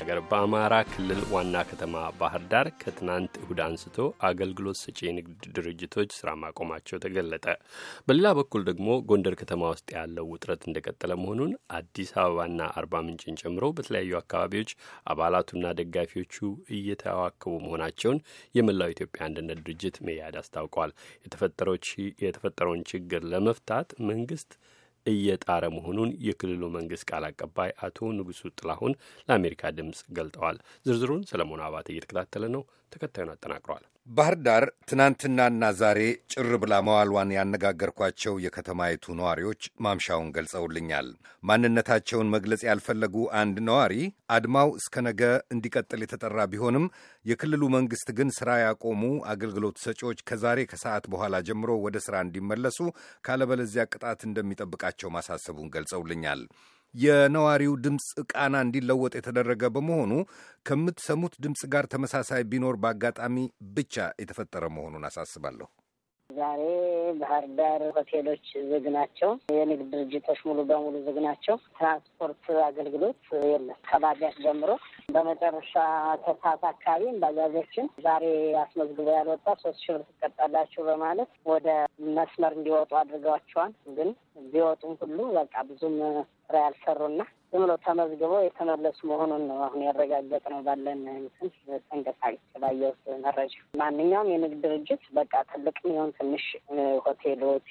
ነገር በአማራ ክልል ዋና ከተማ ባህር ዳር ከትናንት እሁድ አንስቶ አገልግሎት ሰጪ የንግድ ድርጅቶች ስራ ማቆማቸው ተገለጠ። በሌላ በኩል ደግሞ ጎንደር ከተማ ውስጥ ያለው ውጥረት እንደቀጠለ መሆኑን አዲስ አበባና አርባ ምንጭን ጨምሮ በተለያዩ አካባቢዎች አባላቱና ደጋፊዎቹ እየተዋከቡ መሆናቸውን የመላው ኢትዮጵያ አንድነት ድርጅት መያድ አስታውቋል። የተፈጠረውን ችግር ለመፍታት መንግስት እየጣረ መሆኑን የክልሉ መንግስት ቃል አቀባይ አቶ ንጉሱ ጥላሁን ለአሜሪካ ድምፅ ገልጠዋል። ዝርዝሩን ሰለሞን አባተ እየተከታተለ ነው። ተከታዩን አጠናቅሯል። ባህር ዳር ትናንትናና ዛሬ ጭር ብላ መዋሏን ያነጋገርኳቸው የከተማይቱ ነዋሪዎች ማምሻውን ገልጸውልኛል። ማንነታቸውን መግለጽ ያልፈለጉ አንድ ነዋሪ አድማው እስከ ነገ እንዲቀጥል የተጠራ ቢሆንም የክልሉ መንግሥት ግን ሥራ ያቆሙ አገልግሎት ሰጪዎች ከዛሬ ከሰዓት በኋላ ጀምሮ ወደ ሥራ እንዲመለሱ ካለበለዚያ ቅጣት እንደሚጠብቃቸው ማሳሰቡን ገልጸውልኛል። የነዋሪው ድምፅ ቃና እንዲለወጥ የተደረገ በመሆኑ ከምትሰሙት ድምፅ ጋር ተመሳሳይ ቢኖር በአጋጣሚ ብቻ የተፈጠረ መሆኑን አሳስባለሁ። ዛሬ ባህር ዳር ሆቴሎች ዝግ ናቸው። የንግድ ድርጅቶች ሙሉ በሙሉ ዝግ ናቸው። ትራንስፖርት አገልግሎት የለም ከባቢያት ጀምሮ በመጨረሻ ከሰዓት አካባቢ ባጃጆችን ዛሬ አስመዝግበው ያልወጣ ሶስት ሺህ ብር ትቀጣላችሁ በማለት ወደ መስመር እንዲወጡ አድርገዋቸዋል። ግን ቢወጡም ሁሉ በቃ ብዙም ስራ ያልሰሩና ዝም ብሎ ተመዝግበው የተመለሱ መሆኑን ነው አሁን ያረጋገጥ ነው። ባለን እንትን ተንቀሳቅሼ ባየሁት መረጃ ማንኛውም የንግድ ድርጅት በቃ ትልቅ የሚሆን ትንሽ ሆቴሎች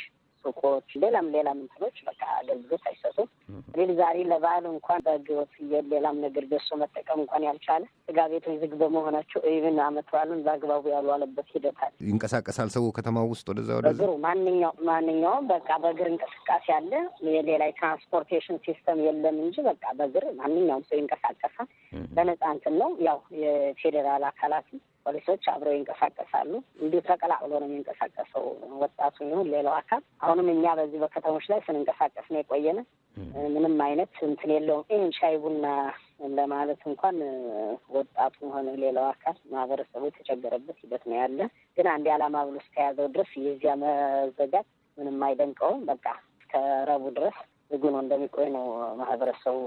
ሱቆች፣ ሌላም ሌላም እንትኖች በቃ አገልግሎት አይሰጡም። እንግዲህ ዛሬ ለበዓል እንኳን በህገወጥ ፍየል ሌላም ነገር ገሶ መጠቀም እንኳን ያልቻለ ስጋ ቤቶች ዝግ በመሆናቸው ኢቭን አመት በዓሉን በአግባቡ ያልዋለበት ሂደት አለ። ይንቀሳቀሳል ሰው ከተማ ውስጥ ወደዛ ወደ በእግሩ ማንኛው ማንኛውም በቃ በእግር እንቅስቃሴ አለ። የሌላ የትራንስፖርቴሽን ሲስተም የለም እንጂ በቃ በእግር ማንኛውም ሰው ይንቀሳቀሳል። በነጻ እንትን ነው ያው የፌዴራል አካላት ፖሊሶች አብረው ይንቀሳቀሳሉ። እንዲሁ ተቀላቅሎ ነው የሚንቀሳቀሰው ወጣቱ ይሁን ሌላው አካል። አሁንም እኛ በዚህ በከተሞች ላይ ስንንቀሳቀስ ነው የቆየነ። ምንም አይነት እንትን የለውም። ይህን ሻይ ቡና ለማለት እንኳን ወጣቱ ሆነ ሌላው አካል ማህበረሰቡ የተቸገረበት ሂደት ነው ያለ። ግን አንድ አላማ ብሎ እስከያዘው ድረስ የዚያ መዘጋት ምንም አይደንቀውም። በቃ እስከ ረቡዕ ድረስ ዝግ ነው እንደሚቆይ ነው ማህበረሰቡ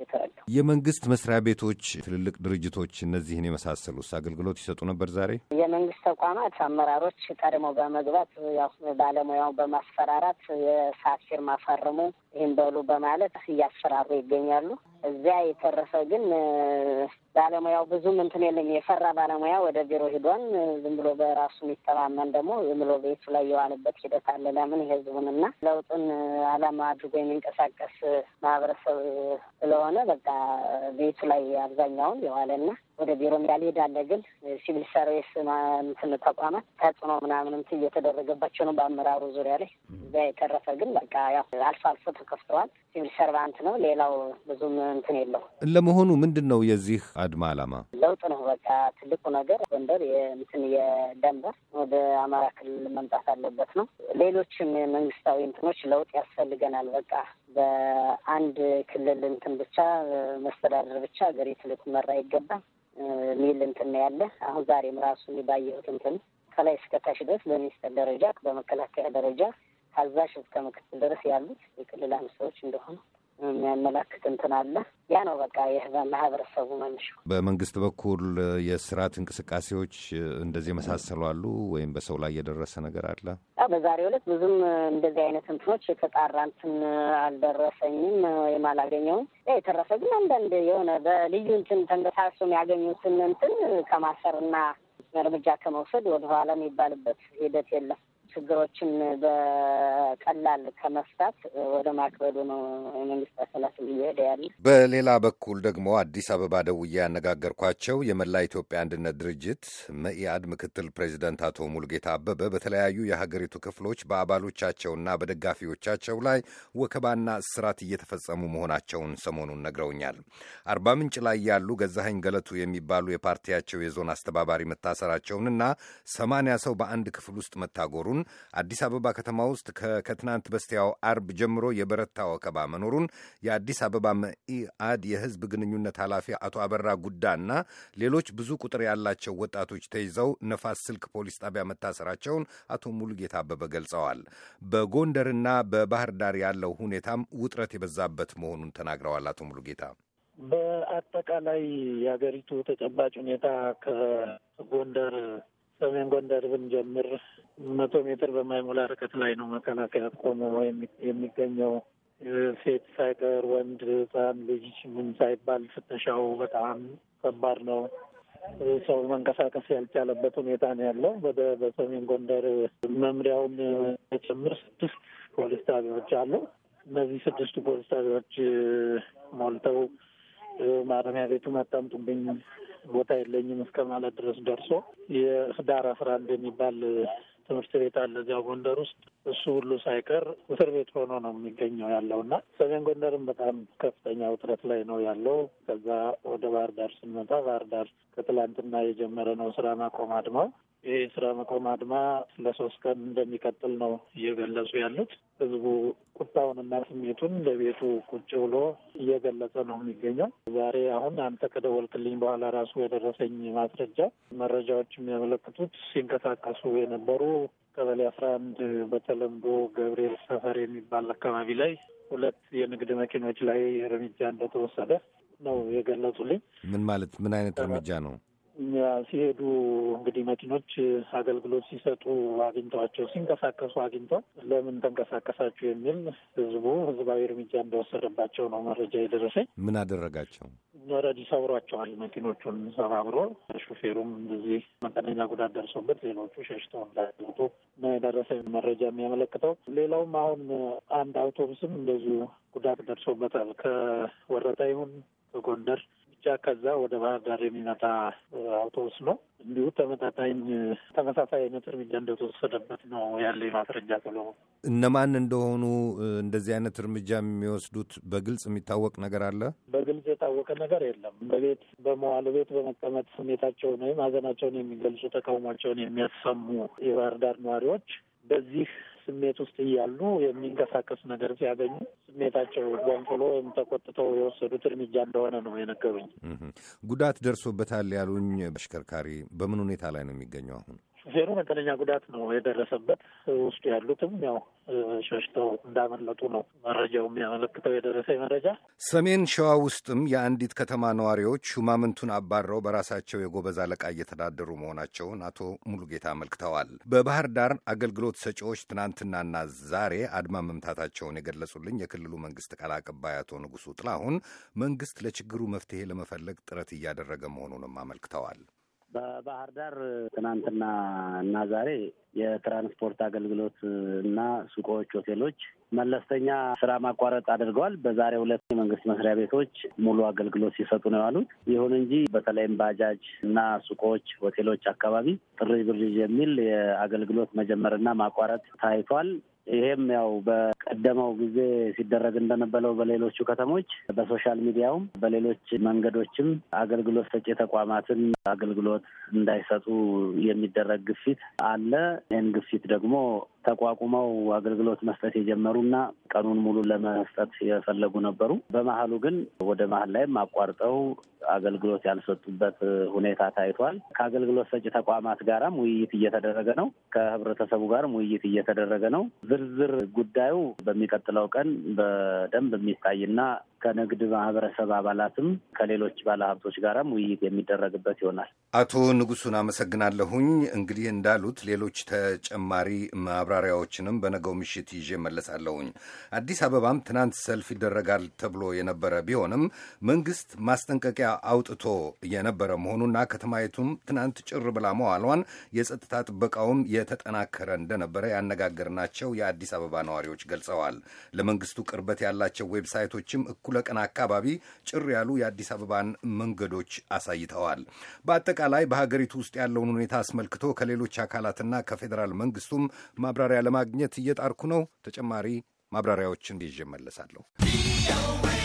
የተረዳው። የመንግስት መስሪያ ቤቶች፣ ትልልቅ ድርጅቶች እነዚህን የመሳሰሉስ አገልግሎት ይሰጡ ነበር? ዛሬ የመንግስት ተቋማት አመራሮች ቀድሞ በመግባት ያው ባለሙያው በማስፈራራት የሰዓት ፊርማ ፈርሙ ይህን በሉ በማለት እያስፈራሩ ይገኛሉ። እዚያ የተረፈ ግን ባለሙያው ብዙም እንትን የለኝ የፈራ ባለሙያ ወደ ቢሮ ሂዷን ዝም ብሎ በራሱ የሚተማመን ደግሞ ዝም ብሎ ቤቱ ላይ የዋለበት ሂደት አለ። ለምን የህዝቡንና ለውጡን አላማ አድርጎ የሚንቀሳቀስ ማህበረሰብ ስለሆነ በቃ ቤቱ ላይ አብዛኛውን የዋለና ወደ ቢሮ ያልሄድ አለ። ግን ሲቪል ሰርቪስ እንትን ተቋማት ተጽዕኖ ምናምንም እየተደረገባቸው ነው በአመራሩ ዙሪያ ላይ። እዚያ የተረፈ ግን በቃ ያው አልፎ አልፎ ተከፍተዋል። ሲቪል ሰርቫንት ነው። ሌላው ብዙም እንትን የለው። ለመሆኑ ምንድን ነው የዚህ አድማ አላማ ለውጥ ነው። በቃ ትልቁ ነገር ጎንደር የምትን የደንበር ወደ አማራ ክልል መምጣት አለበት ነው። ሌሎችም መንግስታዊ እንትኖች ለውጥ ያስፈልገናል። በቃ በአንድ ክልል እንትን ብቻ መስተዳደር ብቻ ሀገሪቱ ልትመራ አይገባም ሚል እንትን ያለ አሁን ዛሬም ራሱ ባየሁት እንትን ከላይ እስከ እስከታች ድረስ በሚኒስትር ደረጃ በመከላከያ ደረጃ ታዛዥ እስከ ምክትል ድረስ ያሉት የክልል አምስቶች እንደሆኑ የሚያመላክት እንትን አለ። ያ ነው በቃ ማህበረሰቡ መንሹ። በመንግስት በኩል የስርዓት እንቅስቃሴዎች እንደዚህ የመሳሰሉ አሉ ወይም በሰው ላይ የደረሰ ነገር አለ። በዛሬው ዕለት ብዙም እንደዚህ አይነት እንትኖች የተጣራ እንትን አልደረሰኝም ወይም አላገኘውም። የተረፈ ግን አንዳንድ የሆነ በልዩ እንትን ተንቀሳቅሶ የሚያገኙትን እንትን ከማሰርና እርምጃ ከመውሰድ ወደኋላ የሚባልበት ሂደት የለም። ችግሮችን በቀላል ከመፍታት ወደ ማክበዱ ነው የመንግስት አካላት እየሄደ ያለ። በሌላ በኩል ደግሞ አዲስ አበባ ደውዬ ያነጋገርኳቸው የመላ ኢትዮጵያ አንድነት ድርጅት መኢአድ ምክትል ፕሬዚደንት አቶ ሙልጌታ አበበ በተለያዩ የሀገሪቱ ክፍሎች በአባሎቻቸውና በደጋፊዎቻቸው ላይ ወከባና እስራት እየተፈጸሙ መሆናቸውን ሰሞኑን ነግረውኛል። አርባ ምንጭ ላይ ያሉ ገዛኸኝ ገለቱ የሚባሉ የፓርቲያቸው የዞን አስተባባሪ መታሰራቸውንና ሰማንያ ሰው በአንድ ክፍል ውስጥ መታጎሩን መሆኑን አዲስ አበባ ከተማ ውስጥ ከትናንት በስቲያው አርብ ጀምሮ የበረታ ወከባ መኖሩን የአዲስ አበባ መኢአድ የህዝብ ግንኙነት ኃላፊ አቶ አበራ ጉዳ እና ሌሎች ብዙ ቁጥር ያላቸው ወጣቶች ተይዘው ነፋስ ስልክ ፖሊስ ጣቢያ መታሰራቸውን አቶ ሙሉጌታ አበበ ገልጸዋል። በጎንደርና በባህር ዳር ያለው ሁኔታም ውጥረት የበዛበት መሆኑን ተናግረዋል። አቶ ሙሉጌታ በአጠቃላይ የሀገሪቱ ተጨባጭ ሁኔታ ከጎንደር ሰሜን ጎንደር ብንጀምር መቶ ሜትር በማይሞላ ርቀት ላይ ነው መከላከያ ቆሞ የሚገኘው። ሴት ሳይቀር ወንድ፣ ህፃን፣ ልጅ ምን ሳይባል ፍተሻው በጣም ከባድ ነው። ሰው መንቀሳቀስ ያልቻለበት ሁኔታ ነው ያለው። ወደ በሰሜን ጎንደር መምሪያውን ጭምር ስድስት ፖሊስ ጣቢያዎች አሉ። እነዚህ ስድስቱ ፖሊስ ጣቢያዎች ሞልተው ማረሚያ ቤቱ አታምጡብኝ ቦታ የለኝም እስከ ማለት ድረስ ደርሶ የህዳር አስራ አንድ የሚባል ትምህርት ቤት አለ እዚያ ጎንደር ውስጥ እሱ ሁሉ ሳይቀር እስር ቤት ሆኖ ነው የሚገኘው ያለው እና ሰሜን ጎንደርም በጣም ከፍተኛ ውጥረት ላይ ነው ያለው። ከዛ ወደ ባህር ዳር ስንመጣ ባህር ዳር ከትላንትና የጀመረ ነው ስራ ማቆም አድማው ይህ ስራ መቆም አድማ ለሶስት ቀን እንደሚቀጥል ነው እየገለጹ ያሉት። ህዝቡ ቁጣውንና ስሜቱን ለቤቱ ቁጭ ብሎ እየገለጸ ነው የሚገኘው። ዛሬ አሁን አንተ ከደወልክልኝ በኋላ ራሱ የደረሰኝ ማስረጃ መረጃዎች የሚያመለክቱት ሲንቀሳቀሱ የነበሩ ቀበሌ አስራ አንድ በተለምዶ ገብርኤል ሰፈር የሚባል አካባቢ ላይ ሁለት የንግድ መኪኖች ላይ እርምጃ እንደተወሰደ ነው የገለጹልኝ። ምን ማለት ምን አይነት እርምጃ ነው? ሲሄዱ እንግዲህ መኪኖች አገልግሎት ሲሰጡ አግኝተዋቸው ሲንቀሳቀሱ አግኝተው ለምን ተንቀሳቀሳችሁ የሚል ህዝቡ ህዝባዊ እርምጃ እንደወሰደባቸው ነው መረጃ የደረሰኝ። ምን አደረጋቸው? ረዲ ሰብሯቸዋል። መኪኖቹን ሰባብሮ ሹፌሩም እንደዚህ መጠነኛ ጉዳት ደርሶበት ሌሎቹ ሸሽተው እንዳይወጡ ነው የደረሰ መረጃ የሚያመለክተው። ሌላውም አሁን አንድ አውቶቡስም እንደዚሁ ጉዳት ደርሶበታል ከወረታ ይሁን ከጎንደር ብቻ ከዛ ወደ ባህር ዳር የሚመጣ አውቶቡስ ነው። እንዲሁ ተመጣጣኝ ተመሳሳይ አይነት እርምጃ እንደተወሰደበት ነው ያለ ማስረጃ። ጥሎ እነማን እንደሆኑ እንደዚህ አይነት እርምጃ የሚወስዱት በግልጽ የሚታወቅ ነገር አለ? በግልጽ የታወቀ ነገር የለም። በቤት በመዋል ቤት በመቀመጥ ስሜታቸውን ወይም ሀዘናቸውን የሚገልጹ ተቃውሟቸውን የሚያሰሙ የባህር ዳር ነዋሪዎች በዚህ ስሜት ውስጥ እያሉ የሚንቀሳቀስ ነገር ሲያገኙ ስሜታቸው ጎንፍሎ ወይም ተቆጥተው የወሰዱት እርምጃ እንደሆነ ነው የነገሩኝ። ጉዳት ደርሶበታል ያሉኝ አሽከርካሪ በምን ሁኔታ ላይ ነው የሚገኘው አሁን? ዜሮ መጠነኛ ጉዳት ነው የደረሰበት። ውስጡ ያሉትም ያው ሸሽተው እንዳመለጡ ነው መረጃው የሚያመለክተው። የደረሰ መረጃ ሰሜን ሸዋ ውስጥም የአንዲት ከተማ ነዋሪዎች ሹማምንቱን አባረው በራሳቸው የጎበዝ አለቃ እየተዳደሩ መሆናቸውን አቶ ሙሉጌታ አመልክተዋል። በባህር ዳር አገልግሎት ሰጪዎች ትናንትናና ዛሬ አድማ መምታታቸውን የገለጹልኝ የክልሉ መንግስት ቃል አቀባይ አቶ ንጉሱ ጥላሁን መንግስት ለችግሩ መፍትሄ ለመፈለግ ጥረት እያደረገ መሆኑንም አመልክተዋል። በባህር ዳር ትናንትና እና ዛሬ የትራንስፖርት አገልግሎት እና ሱቆች፣ ሆቴሎች መለስተኛ ስራ ማቋረጥ አድርገዋል። በዛሬ ሁለት የመንግስት መስሪያ ቤቶች ሙሉ አገልግሎት ሲሰጡ ነው ያሉት። ይሁን እንጂ በተለይም ባጃጅ እና ሱቆች፣ ሆቴሎች አካባቢ ጥሪ ብርዥ የሚል የአገልግሎት መጀመርና ማቋረጥ ታይቷል። ይሄም ያው በቀደመው ጊዜ ሲደረግ እንደነበረው በሌሎቹ ከተሞች በሶሻል ሚዲያውም በሌሎች መንገዶችም አገልግሎት ሰጪ ተቋማትን አገልግሎት እንዳይሰጡ የሚደረግ ግፊት አለ። ይህን ግፊት ደግሞ ተቋቁመው አገልግሎት መስጠት የጀመሩና ቀኑን ሙሉ ለመስጠት የፈለጉ ነበሩ። በመሀሉ ግን ወደ መሀል ላይም አቋርጠው አገልግሎት ያልሰጡበት ሁኔታ ታይቷል። ከአገልግሎት ሰጪ ተቋማት ጋራም ውይይት እየተደረገ ነው። ከህብረተሰቡ ጋርም ውይይት እየተደረገ ነው። ዝርዝር ጉዳዩ በሚቀጥለው ቀን በደንብ የሚታይና ከንግድ ማህበረሰብ አባላትም ከሌሎች ባለሀብቶች ጋራም ውይይት የሚደረግበት ይሆናል። አቶ ንጉሱን አመሰግናለሁኝ። እንግዲህ እንዳሉት ሌሎች ተጨማሪ ማብራሪያዎችንም በነገው ምሽት ይዤ መለሳለሁኝ። አዲስ አበባም ትናንት ሰልፍ ይደረጋል ተብሎ የነበረ ቢሆንም መንግስት ማስጠንቀቂያ አውጥቶ የነበረ መሆኑና ከተማይቱም ትናንት ጭር ብላ መዋሏን የጸጥታ ጥበቃውም የተጠናከረ እንደነበረ ያነጋገርናቸው የአዲስ አበባ ነዋሪዎች ገልጸዋል። ለመንግስቱ ቅርበት ያላቸው ዌብሳይቶችም እኩል እኩለ ቀን አካባቢ ጭር ያሉ የአዲስ አበባን መንገዶች አሳይተዋል። በአጠቃላይ በሀገሪቱ ውስጥ ያለውን ሁኔታ አስመልክቶ ከሌሎች አካላትና ከፌዴራል መንግስቱም ማብራሪያ ለማግኘት እየጣርኩ ነው። ተጨማሪ ማብራሪያዎችን ይዤ እመለሳለሁ።